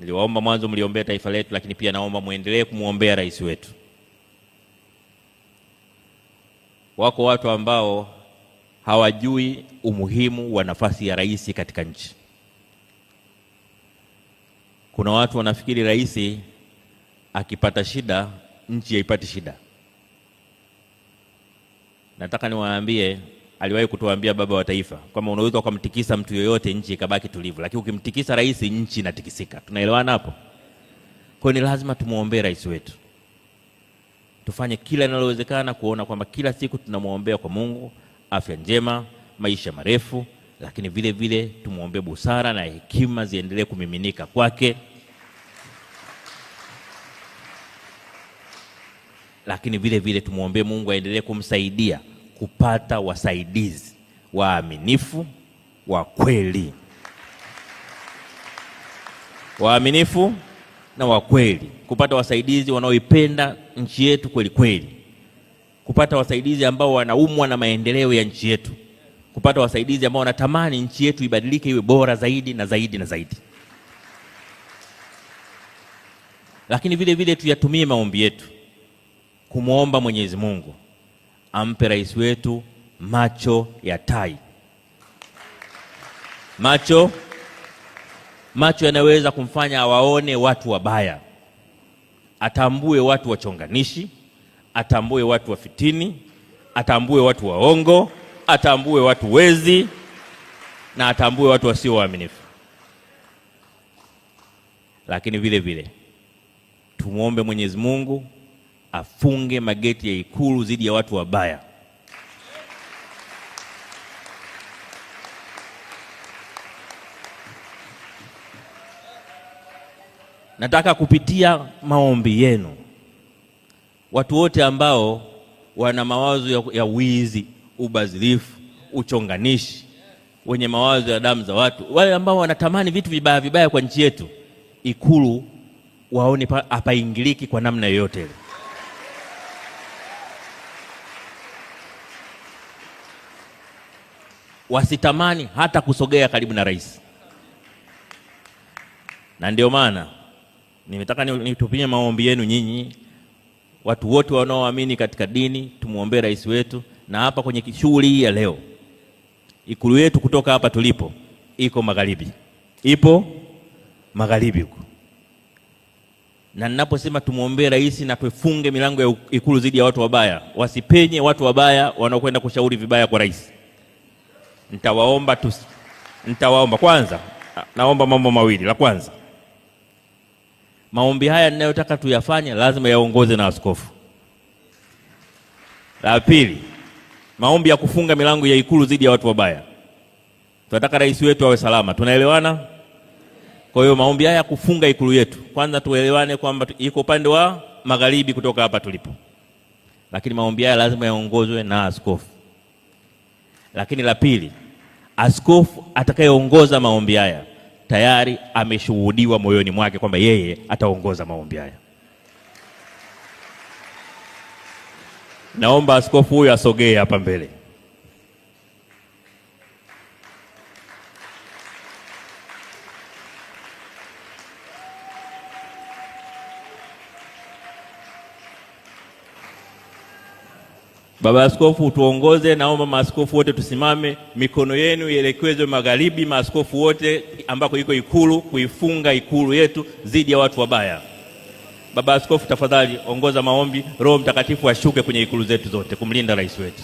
Niliwaomba mwanzo mliombea taifa letu, lakini pia naomba muendelee kumwombea rais wetu. Wako watu ambao hawajui umuhimu wa nafasi ya rais katika nchi. Kuna watu wanafikiri rais akipata shida nchi haipati shida. Nataka niwaambie aliwahi kutuambia baba wa taifa kwamba unaweza ukamtikisa mtu yoyote nchi ikabaki tulivu, lakini ukimtikisa rais nchi inatikisika. Tunaelewana hapo? Kwa hiyo ni lazima tumwombee rais wetu, tufanye kila linalowezekana kuona kwamba kila siku tunamwombea kwa Mungu afya njema, maisha marefu, lakini vile vile tumwombee busara na hekima ziendelee kumiminika kwake, lakini vile vile tumwombee Mungu aendelee kumsaidia kupata wasaidizi waaminifu wa kweli, waaminifu na wa kweli, kupata wasaidizi wanaoipenda nchi yetu kweli kweli, kupata wasaidizi ambao wanaumwa na maendeleo ya nchi yetu, kupata wasaidizi ambao wanatamani nchi yetu ibadilike iwe bora zaidi na zaidi na zaidi. Lakini vile vile tuyatumie maombi yetu kumwomba Mwenyezi Mungu ampe rais wetu macho ya tai, macho macho yanaweza kumfanya awaone watu wabaya, atambue watu wachonganishi, atambue watu wafitini, atambue watu waongo, atambue watu wezi na atambue watu wasio waaminifu. Lakini vile vile tumwombe Mwenyezi Mungu afunge mageti ya Ikulu dhidi ya watu wabaya. Nataka kupitia maombi yenu watu wote ambao wana mawazo ya, wizi, ubadhirifu, uchonganishi, wenye mawazo ya damu za watu, wale ambao wanatamani vitu vibaya vibaya kwa nchi yetu, Ikulu waone hapaingiliki kwa namna yoyote ile. wasitamani hata kusogea karibu na rais, na ndio maana nimetaka nitupie maombi yenu nyinyi watu wote wanaoamini katika dini, tumwombee rais wetu. Na hapa kwenye shughuli hii ya leo, ikulu yetu kutoka hapa tulipo iko magharibi, ipo magharibi huko. Na ninaposema tumwombee rais na tufunge milango ya ikulu dhidi ya watu wabaya, wasipenye watu wabaya wanaokwenda kushauri vibaya kwa rais nitawaomba tu, nitawaomba kwanza, naomba mambo mawili. La kwanza, maombi haya ninayotaka tuyafanye lazima yaongoze na askofu. La pili, maombi ya kufunga milango ya Ikulu dhidi ya watu wabaya. Tunataka rais wetu awe salama, tunaelewana? Kwa hiyo maombi haya ya kufunga Ikulu yetu, kwanza tuelewane kwamba iko upande wa magharibi kutoka hapa tulipo, lakini maombi haya lazima yaongozwe na askofu. Lakini la pili, askofu atakayeongoza maombi haya tayari ameshuhudiwa moyoni mwake kwamba yeye ataongoza maombi haya. Naomba askofu huyo asogee hapa mbele. Baba Askofu, tuongoze Naomba maaskofu wote tusimame, mikono yenu ielekezwe magharibi. Maaskofu wote ambako iko Ikulu, kuifunga Ikulu yetu dhidi ya watu wabaya. Baba Askofu, tafadhali ongoza maombi. Roho Mtakatifu ashuke kwenye Ikulu zetu zote kumlinda rais wetu.